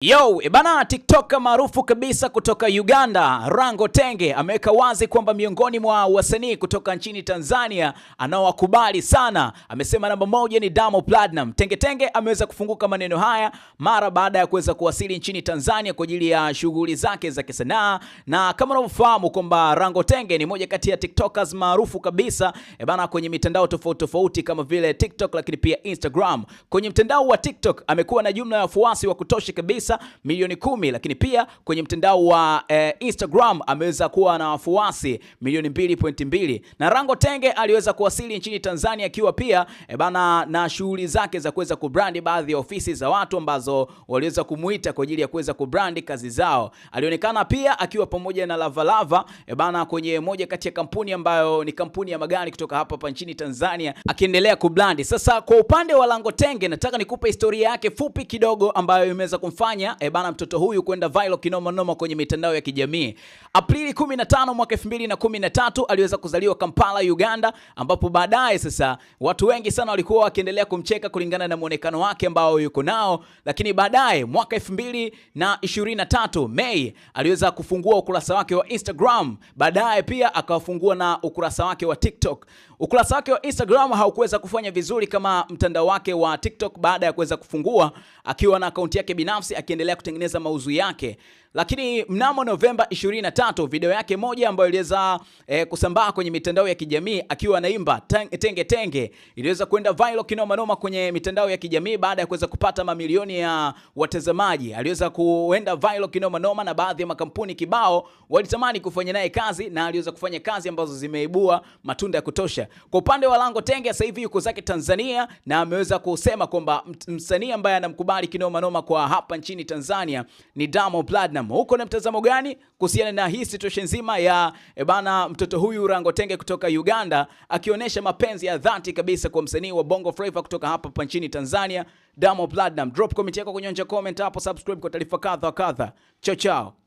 Yo, ebana eh, TikTok maarufu kabisa kutoka Uganda, Rango Tenge ameweka wazi kwamba miongoni mwa wasanii kutoka nchini Tanzania anaowakubali sana, amesema namba moja ni Diamond Platnumz. Tenge Tenge ameweza kufunguka maneno haya mara baada ya kuweza kuwasili nchini Tanzania kwa ajili ya shughuli zake za kisanaa, na kama unavyofahamu kwamba Rango Tenge ni moja kati ya TikTokers maarufu kabisa ebana eh, kwenye mitandao tofauti tofauti kama vile TikTok, lakini pia Instagram. Kwenye mtandao wa TikTok amekuwa na jumla ya wafuasi wa kutosha kabisa pesa milioni kumi, lakini pia kwenye mtandao wa eh, Instagram ameweza kuwa na wafuasi milioni mbili pointi mbili. na Rango Tenge aliweza kuwasili nchini Tanzania akiwa pia eh, bana na shughuli zake za kuweza kubrandi baadhi ya ofisi za watu ambazo waliweza kumuita kwa ajili ya kuweza kubrandi kazi zao. Alionekana pia akiwa pamoja na Lavalava eh, bana kwenye moja kati ya kampuni ambayo ni kampuni ya magari kutoka hapa hapa nchini Tanzania akiendelea kubrandi. Sasa kwa upande wa Rango Tenge nataka nikupe historia yake fupi kidogo ambayo imeweza kumfanya kumfanya e eh, bana mtoto huyu kwenda viral kinoma noma kwenye mitandao ya kijamii. Aprili 15 mwaka 2013 aliweza kuzaliwa Kampala, Uganda, ambapo baadaye sasa watu wengi sana walikuwa wakiendelea kumcheka kulingana na muonekano wake ambao yuko nao, lakini baadaye mwaka 2023 Mei aliweza kufungua ukurasa wake wa Instagram, baadaye pia akafungua na ukurasa wake wa TikTok. Ukurasa wake wa Instagram haukuweza kufanya vizuri kama mtandao wake wa TikTok baada ya kuweza kufungua akiwa na akaunti yake binafsi akiendelea kutengeneza mauzu yake lakini mnamo Novemba 23 video yake moja ambayo iliweza e, kusambaa kwenye mitandao ya kijamii akiwa anaimba tenge tenge iliweza kwenda viral kinoma noma kwenye mitandao ya kijamii baada ya kuweza kupata mamilioni ya watazamaji. Aliweza kuenda viral kinoma noma na baadhi ya makampuni kibao walitamani kufanya naye kazi na aliweza kufanya kazi ambazo zimeibua matunda ya kutosha. Kwa upande wa Lango Tenge sasa hivi yuko zake Tanzania na ameweza kusema kwamba msanii ambaye anamkubali kinoma noma kwa hapa nchini Tanzania ni Diamond Platnumz. Naam, huko na mtazamo gani kuhusiana na hii situation nzima ya e bana mtoto huyu Rango Tenge kutoka Uganda akionyesha mapenzi ya dhati kabisa kwa msanii wa Bongo Flava kutoka hapa hapa nchini Tanzania Diamond Platnumz. Drop comment yako kwenye comment hapo, subscribe kwa taarifa kadha kadha. Chao chao.